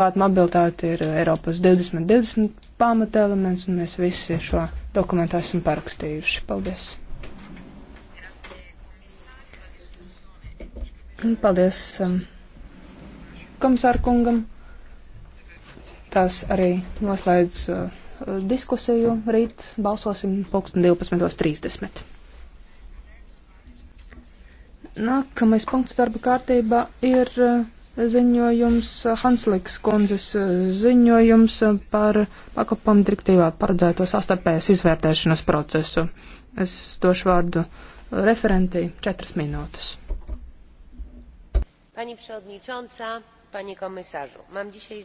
Klāt mobilitāte ir Eiropas 2020 pamata elements, un mēs visi šo dokumentu esam parakstījuši. Paldies! Paldies um, komisāru kungam. Tās arī noslēdz uh, diskusiju. Rīt balsosim 12.30. Nākamais punkts darba kārtībā ir. Uh, ziņojums, eh, Hansliks kundzes eh, ziņojums eh, par pakopam direktīvā paredzēto sastarpējas izvērtēšanas procesu. Es došu vārdu referentī četras minūtes. Pani przewodnicząca, panie komisarzu, mam dzisiaj...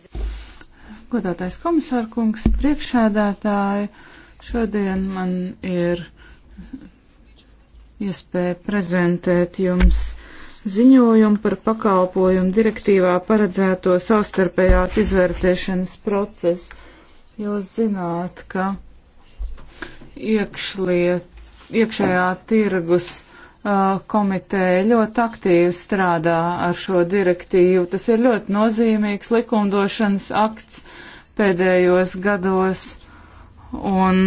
Godātais komisārkungs, priekšsēdētāji, šodien man ir iespēja prezentēt jums uh, ziņojumu par pakalpojumu direktīvā paredzēto savstarpējās izvērtēšanas procesu. Jūs zināt, ka iekšliet, iekšējā tirgus uh, komiteja ļoti aktīvi strādā ar šo direktīvu. Tas ir ļoti nozīmīgs likumdošanas akts pēdējos gados. Un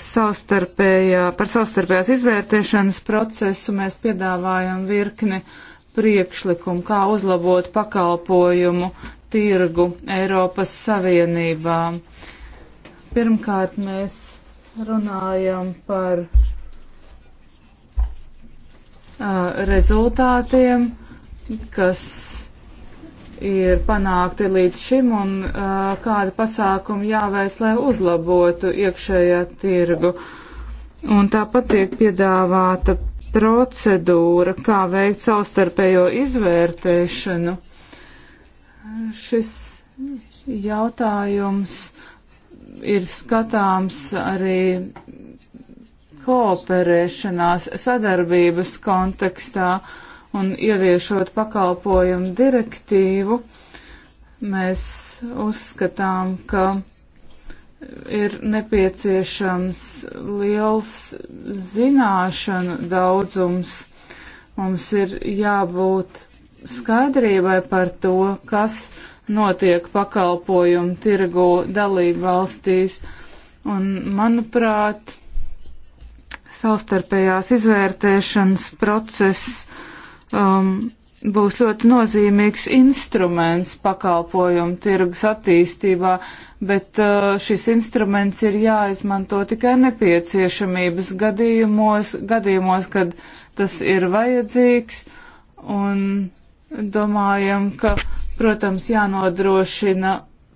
savstarpējā, par savstarpējās izvērtēšanas procesu mēs piedāvājam virkni priekšlikumu, kā uzlabot pakalpojumu tirgu Eiropas Savienībā. Pirmkārt, mēs runājam par uh, rezultātiem, kas ir panākti līdz šim un uh, kāda pasākuma jāveic, lai uzlabotu iekšējā tirgu. Un tāpat tiek piedāvāta procedūra, kā veikt savstarpējo izvērtēšanu. Šis jautājums ir skatāms arī kooperēšanās sadarbības kontekstā. Uh, un ieviešot pakalpojumu direktīvu, mēs uzskatām, ka ir nepieciešams liels zināšanu daudzums. Mums ir jābūt skaidrībai par to, kas notiek pakalpojumu tirgu dalību valstīs. Un, manuprāt, savstarpējās izvērtēšanas process um, būs ļoti nozīmīgs instruments pakalpojumu tirgus attīstībā, bet uh, šis instruments ir jāizmanto tikai nepieciešamības gadījumos, gadījumos, kad tas ir vajadzīgs. Un domājam, ka, protams, jānodrošina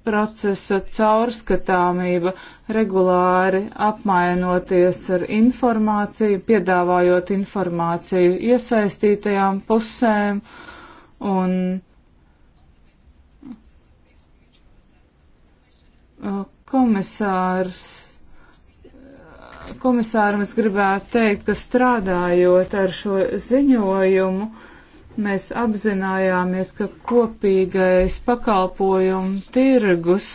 procesa caurskatāmība, regulāri apmainoties ar informāciju, piedāvājot informāciju iesaistītajām pusēm un uh, komisārs. Komisāram es gribētu teikt, ka strādājot ar šo ziņojumu, uh, mēs apzinājāmies, ka kopīgais pakalpojumu tirgus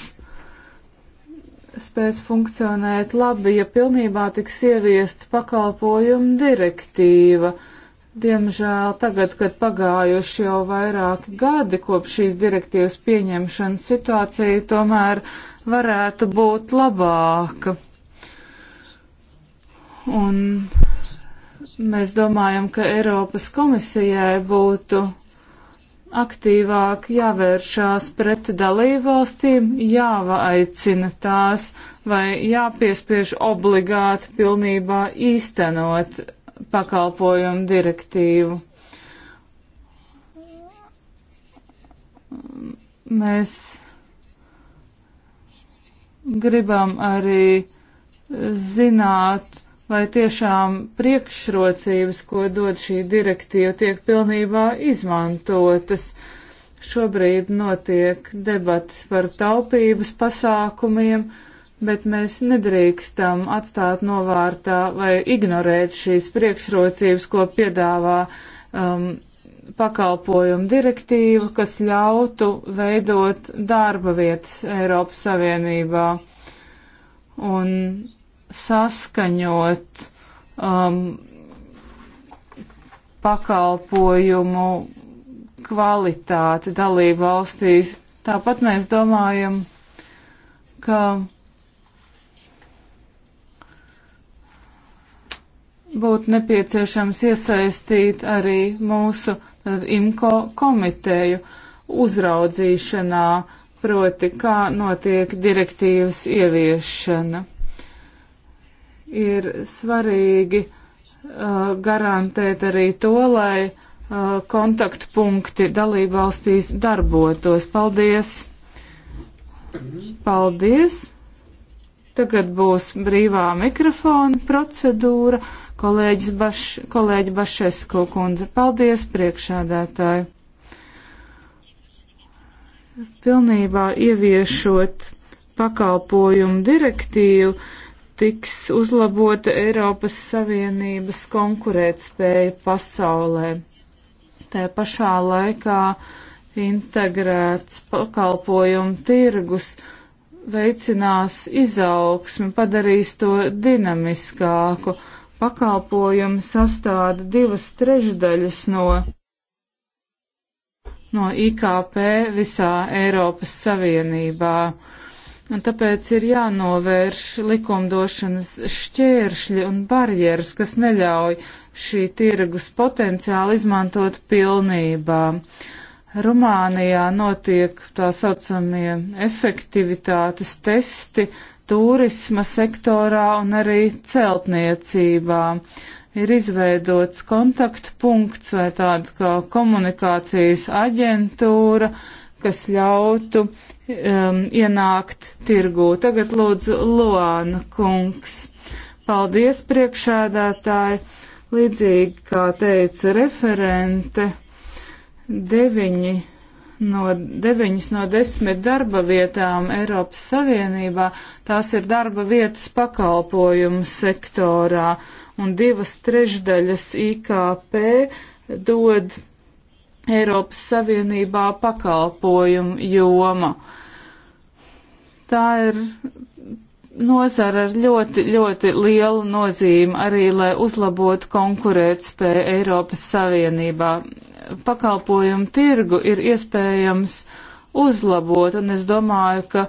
spēs funkcionēt labi, ja pilnībā tiks ieviest pakalpojumu direktīva. Diemžēl tagad, kad pagājuši jau vairāki gadi kopš šīs direktīvas pieņemšanas, situācija tomēr varētu būt labāka. Un Mēs domājam, ka Eiropas komisijai būtu aktīvāk jāvēršās pret dalībvalstīm, jāaicina tās vai jāpiespiež obligāti pilnībā īstenot pakalpojumu direktīvu. Mēs gribam arī zināt, lai tiešām priekšrocības, ko dod šī direktīva, tiek pilnībā izmantotas. Šobrīd notiek debats par taupības pasākumiem, bet mēs nedrīkstam atstāt novārtā vai ignorēt šīs priekšrocības, ko piedāvā um, pakalpojumu direktīva, kas ļautu veidot darba vietas Eiropas Savienībā. Un saskaņot um, pakalpojumu kvalitāti dalību valstīs. Tāpat mēs domājam, ka būtu nepieciešams iesaistīt arī mūsu tad, IMCO komiteju uzraudzīšanā, proti kā notiek direktīvas ieviešana ir svarīgi uh, garantēt arī to, lai uh, kontaktpunkti dalībvalstīs darbotos. Paldies! Paldies! Tagad būs brīvā mikrofona procedūra. Kolēģis Baš, kolēģi Bašesku kundze, paldies priekšādētāji. Pilnībā ieviešot pakalpojumu direktīvu, uh, tiks uzlabota Eiropas Savienības konkurētspēja pasaulē. Tā pašā laikā integrēts pakalpojumu tirgus veicinās izaugsmi, padarīs to dinamiskāku. Pakalpojumi sastāda divas trešdaļas no, no IKP visā Eiropas Savienībā. Uh, Un tāpēc ir jānovērš likumdošanas šķēršļi un barjeras, kas neļauj šī tirgus potenciāli izmantot pilnībā. Rumānijā notiek tā saucamie efektivitātes testi turisma sektorā un arī celtniecībā. Ir izveidots kontaktpunkts vai tāda kā komunikācijas aģentūra, uh, kas ļautu um, ienākt tirgū. Tagad lūdzu Luāna kungs. Paldies priekšēdētāji, līdzīgi kā teica referente, deviņi no deviņas no desmit darba vietām Eiropas Savienībā, tās ir darba vietas pakalpojumu sektorā, un divas trešdaļas IKP dod Eiropas Savienībā pakalpojumu joma. Tā ir nozara ar ļoti, ļoti lielu nozīmi arī, lai uzlabotu konkurētspēju Eiropas Savienībā. Pakalpojumu tirgu ir iespējams uzlabot, un es domāju, ka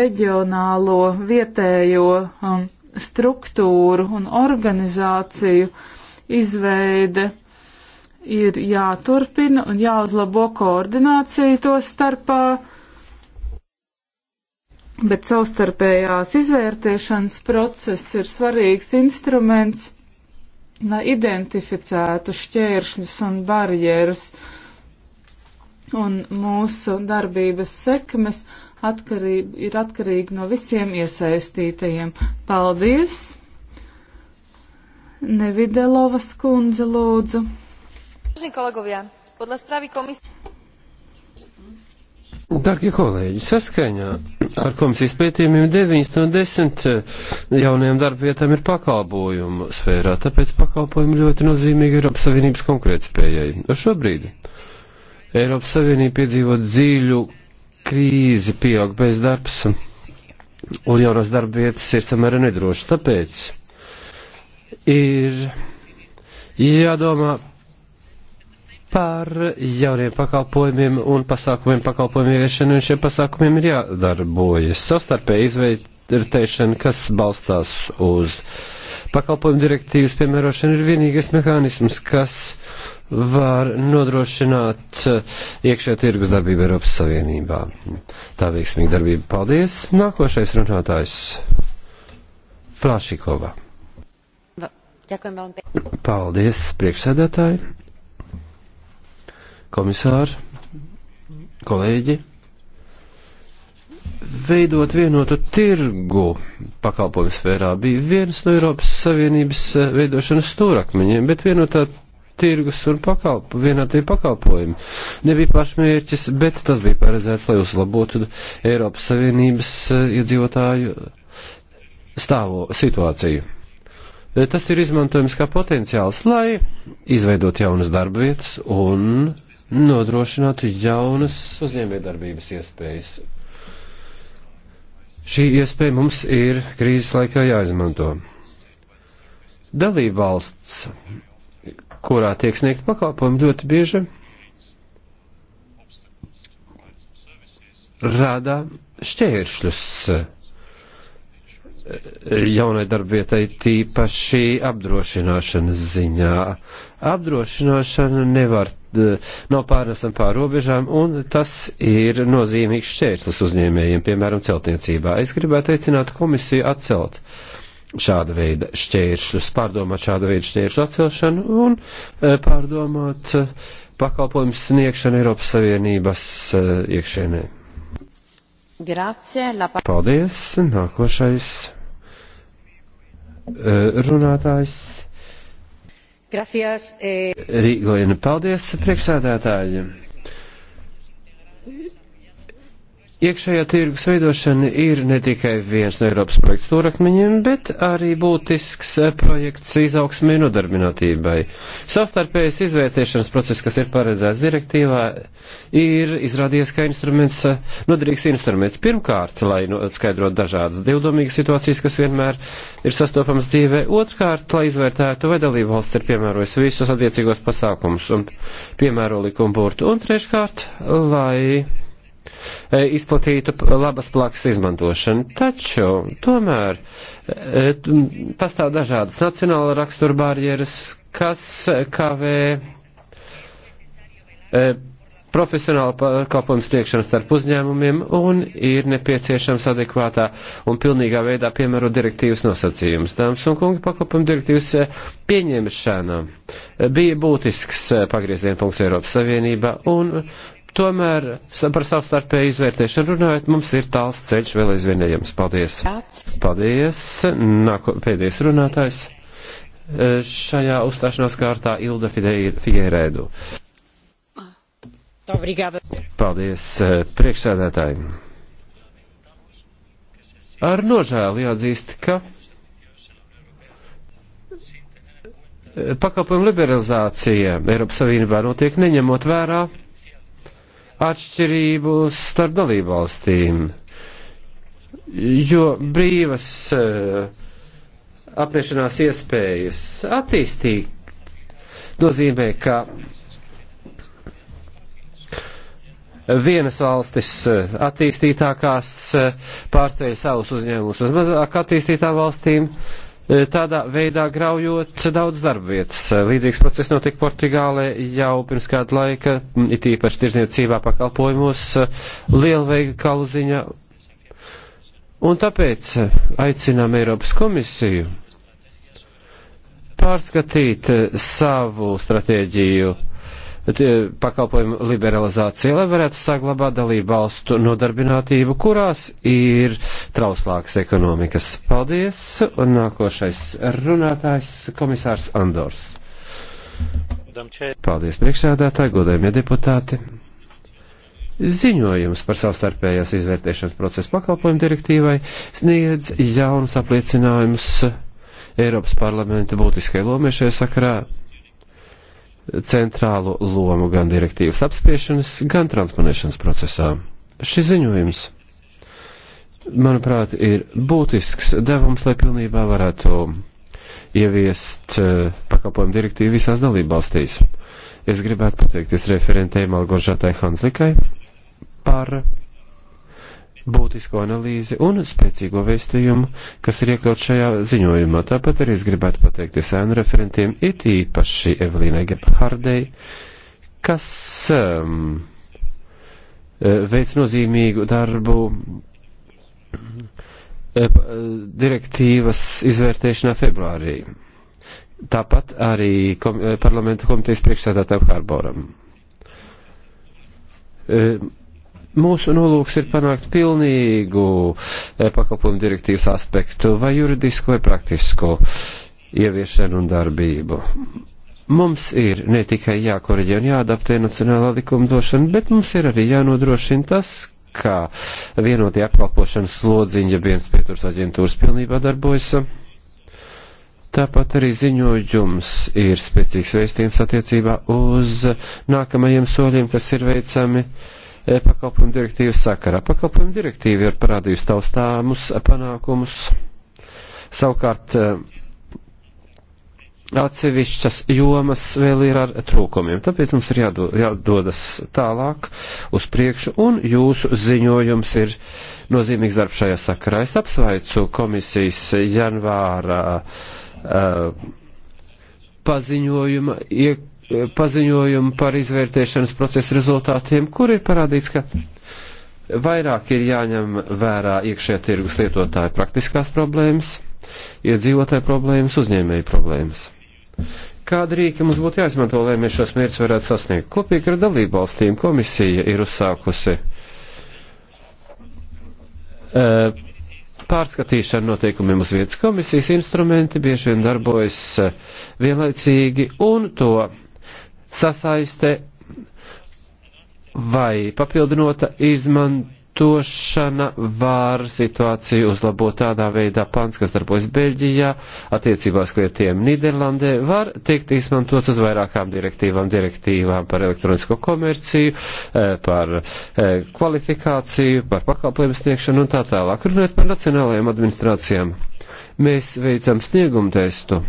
reģionālo vietējo um, struktūru un organizāciju izveide ir jāturpina un jāuzlabo koordinācija to starpā, bet savstarpējās izvērtēšanas process ir svarīgs instruments, lai identificētu šķēršļus un barjeras, un mūsu darbības sekmes atkarība, ir atkarīga no visiem iesaistītajiem. Paldies! Nevidelovas kundze lūdzu. Darbie kolēģi, saskaņā ar komisijas pētījumiem 9 no 10 jaunajām darbvietām ir pakalpojumu sfērā, tāpēc pakalpojumi ļoti nozīmīgi Eiropas Savienības konkurētspējai. Šobrīd Eiropas Savienība piedzīvo dziļu krīzi, pieaug bezdarbs un jaunās darbvietas ir samērā nedrošas. Tāpēc ir jādomā par jauniem pakalpojumiem un pasākumiem pakalpojumu ieviešanu, un šiem pasākumiem ir jādarbojas. Savstarpēja izvērtēšana, kas balstās uz pakalpojumu direktīvas piemērošanu, ir vienīgais mehānisms, kas var nodrošināt iekšē tirgus darbību Eiropas Savienībā. Tā veiksmīga darbība. Paldies! Nākošais runātājs Flašikova. Paldies, priekšsēdētāji! komisāri, kolēģi, veidot vienotu tirgu pakalpojumu sfērā bija viens no Eiropas Savienības eh, veidošanas stūrakmeņiem, bet vienotā tirgus un pakalpo, vienātie pakalpojumi nebija pašmērķis, bet tas bija paredzēts, lai uzlabotu Eiropas Savienības eh, iedzīvotāju stāvo situāciju. Eh, tas ir izmantojams kā potenciāls, lai izveidot jaunas darba vietas un nodrošinātu jaunas uzņēmējdarbības iespējas. Šī iespēja mums ir krīzes laikā jāizmanto. Dalībvalsts, kurā tiek sniegt pakalpojumi ļoti bieži, rada šķēršļus jaunai darbvietai tīpaši apdrošināšanas ziņā. Apdrošināšana nevar, nav pārnesam pār robežām, un tas ir nozīmīgs šķērslis uzņēmējiem, piemēram, celtniecībā. Es gribētu aicināt komisiju atcelt šāda veida šķēršļus, pārdomāt šāda veida šķēršļu atcelšanu un e, pārdomāt e, pakalpojumu sniegšanu Eiropas Savienības e, iekšēnē. Grazie, la... Paldies, nākošais Eh, runātājs. Gracias. Eh... Rīgojina, paldies priekšsādātāji. Iekšējā tirgus veidošana ir ne tikai viens no Eiropas projekta stūrakmeņiem, bet arī būtisks eh, projekts izaugsmē un nodarbinātībai. Savstarpējas izvērtēšanas process, kas ir paredzēts direktīvā, ir izrādījies kā instruments, eh, noderīgs instruments. Pirmkārt, lai skaidrot dažādas divdomīgas situācijas, kas vienmēr ir sastopamas dzīvē. Otrkārt, lai izvērtētu, vai dalību valsts ir piemērojis visus attiecīgos pasākumus un piemēro likumu burtu. Un treškārt, lai E, izplatītu labas plakas izmantošanu. Taču tomēr e, pastāv dažādas nacionāla rakstura barjeras, kas kavē e, profesionāla pakalpojuma sniegšana starp uzņēmumiem un ir nepieciešams adekvātā un pilnīgā veidā piemērot direktīvas nosacījumus. Dāmas un kungi, pakalpojuma direktīvas pieņemšana bija būtisks pagrieziena punkts Eiropas Savienībā un Tomēr par savstarpēju izvērtēšanu runājot, mums ir tāls ceļš vēl aizvien ejams. Paldies! Paldies! Nāko, pēdējais runātājs e, šajā uzstāšanās kārtā Ilda Figērēdu. Paldies e, priekšsēdētājiem! Ar nožēlu jāatzīst, ka e, pakalpojumu liberalizācija Eiropas Savienībā notiek neņemot vērā atšķirību starp dalību valstīm, jo brīvas eh, apmešanās iespējas attīstīt nozīmē, ka vienas valstis eh, attīstītākās eh, pārceļ savus uzņēmumus uz mazāk attīstītām valstīm, Eh, tādā veidā graujot daudz darbvietas. Eh, līdzīgs process notika Portugālē jau pirms kāda laika, mm, it īpaši tirzniecībā pakalpojumos, eh, lielveiga kaluziņa. Un tāpēc aicinām Eiropas komisiju pārskatīt savu stratēģiju Eh, pakalpojumu liberalizācija, lai varētu saglabāt dalību valstu nodarbinātību, kurās ir trauslākas ekonomikas. Paldies! Un nākošais runātājs komisārs Andors. Paldies priekšsēdētāji, godējumie deputāti. Ziņojums par savstarpējās izvērtēšanas procesa pakalpojumu direktīvai sniedz jaunus apliecinājumus Eiropas parlamenta būtiskai lomē šajā sakarā centrālo lomu gan direktīvas apspriešanas, gan transponēšanas procesā. Šis ziņojums, manuprāt, ir būtisks devums, lai pilnībā varētu ieviest eh, pakalpojumu direktīvu visās dalībvalstīs. Es gribētu pateikties referentēm Algožātai Hanslikai par būtisku analīzi un spēcīgo vēstījumu, kas ir iekļauts šajā ziņojumā. Tāpat arī es gribētu pateikties ēnu referentiem, it īpaši Evelīnai Gebhardei, kas um, eh, veic nozīmīgu darbu eh, eh, direktīvas izvērtēšanā februārī. Tāpat arī kom parlamenta komitejas priekšsēdētājam Harboram. Um, Mūsu nolūks ir panākt pilnīgu eh, pakalpojumu direktīvas aspektu, vai juridisku, vai praktisku ieviešanu un darbību. Mums ir ne tikai jākoriģē un jāadaptē nacionālā likumdošana, bet mums ir arī jānodrošina tas, ka vienotie apkalpošanas slodziņa viens pieturs aģentūras pilnībā darbojas. Tāpat arī ziņojums ir spēcīgs vēstījums attiecībā uz nākamajiem soļiem, kas ir veicami. Uh, pakalpojumu direktīvas sakarā. Pakalpojumu direktīva ir parādījusi taustāmus panākumus. Savukārt eh, atsevišķas jomas vēl ir ar trūkumiem, tāpēc mums ir jādo, jādodas tālāk uz priekšu, un jūsu ziņojums ir nozīmīgs darbs šajā sakarā. Es apsveicu komisijas janvāra uh, paziņojuma iekļūt E, paziņojumu par izvērtēšanas procesa rezultātiem, kur ir parādīts, ka vairāk ir jāņem vērā iekšējā tirgus lietotāja praktiskās problēmas, iedzīvotāja problēmas, uzņēmēja problēmas. Kāda rīka mums būtu jāizmanto, lai mēs šos mērķus varētu sasniegt? Kopīgi ar dalību valstīm komisija ir uzsākusi uh, e, pārskatīšana noteikumiem uz vietas komisijas instrumenti bieži vien darbojas e, vienlaicīgi un to sasaiste vai papildinota izmantošana var situāciju uzlabot tādā veidā pants, kas darbojas Beļģijā, attiecībās klientiem Nīderlandē, var tikt izmantots uz vairākām direktīvām, direktīvām par elektronisko komerciju, eh, par eh, kvalifikāciju, par pakalpojumu sniegšanu un tā tālāk. Runājot par nacionālajām administrācijām, mēs veicam sniegumu testu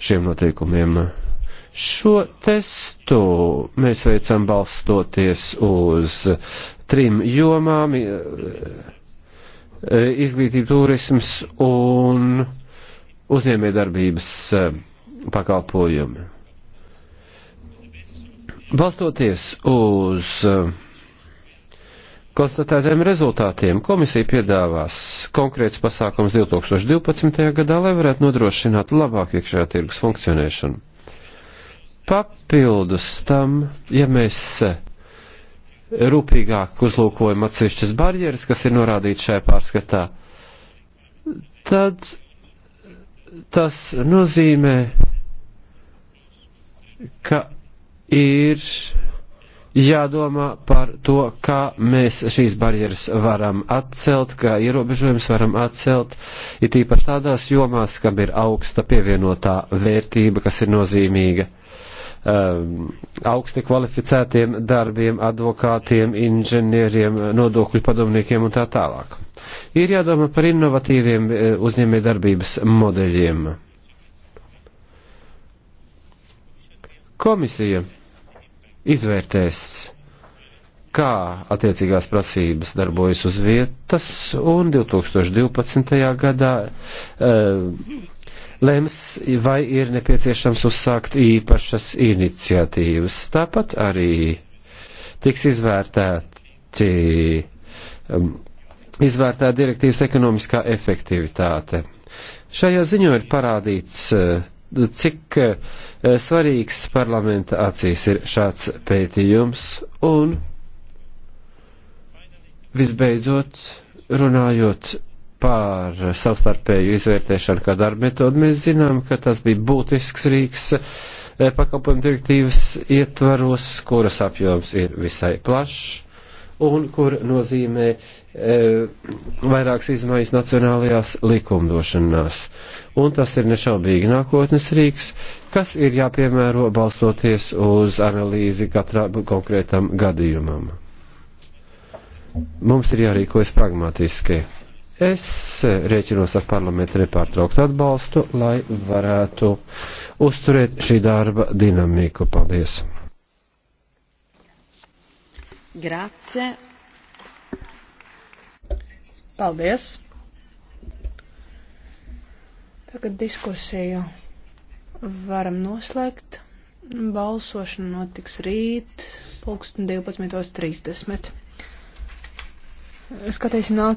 šiem noteikumiem Šo testu mēs veicam balstoties uz trim jomām - e, izglītība, turisms un uzņēmējdarbības e, pakalpojumi. Balstoties uz e, konstatētiem rezultātiem, komisija piedāvās konkrēts pasākums 2012. gadā, lai varētu nodrošināt labāk iekšējā tirgus funkcionēšanu. Papildus tam, ja mēs eh, rūpīgāk uzlūkojam atsevišķas barjeras, kas ir norādītas šajā pārskatā, tad tas nozīmē, ka ir jādomā par to, kā mēs šīs barjeras varam atcelt, kā ierobežojums varam atcelt, it īpaši tādās jomās, kam ir augsta pievienotā vērtība, kas ir nozīmīga Um, augsti kvalificētiem darbiem, advokātiem, inženieriem, nodokļu padomniekiem un tā tālāk. Ir jādomā par innovatīviem uh, uzņēmējdarbības modeļiem. Komisija izvērtēs, kā attiecīgās prasības darbojas uz vietas, un 2012. gadā uh, lems, vai ir nepieciešams uzsākt īpašas iniciatīvas. Tāpat arī tiks izvērtēti, um, izvērtēta direktīvas ekonomiskā efektivitāte. Šajā ziņā ir parādīts, uh, cik uh, svarīgs parlamenta acīs ir šāds pētījums un visbeidzot runājot par savstarpēju izvērtēšanu kā darba metodu, mēs zinām, ka tas bija būtisks rīks e, pakalpojumu direktīvas ietvaros, kuras apjoms ir visai plašs un kur nozīmē e, vairākas izmaiņas nacionālajās likumdošanās. Un tas ir nešaubīgi nākotnes rīks, kas ir jāpiemēro balstoties uz analīzi katrā konkrētam gadījumam. Mums ir jārīkojas pragmatiski Es rēķinos ar parlamentu nepārtrauktu atbalstu, lai varētu uzturēt šī darba dinamiku. Paldies! Grazie! Paldies! Tagad diskusiju varam noslēgt. Balsošana notiks rīt, pulksten 12.30. Skatīsim nāk.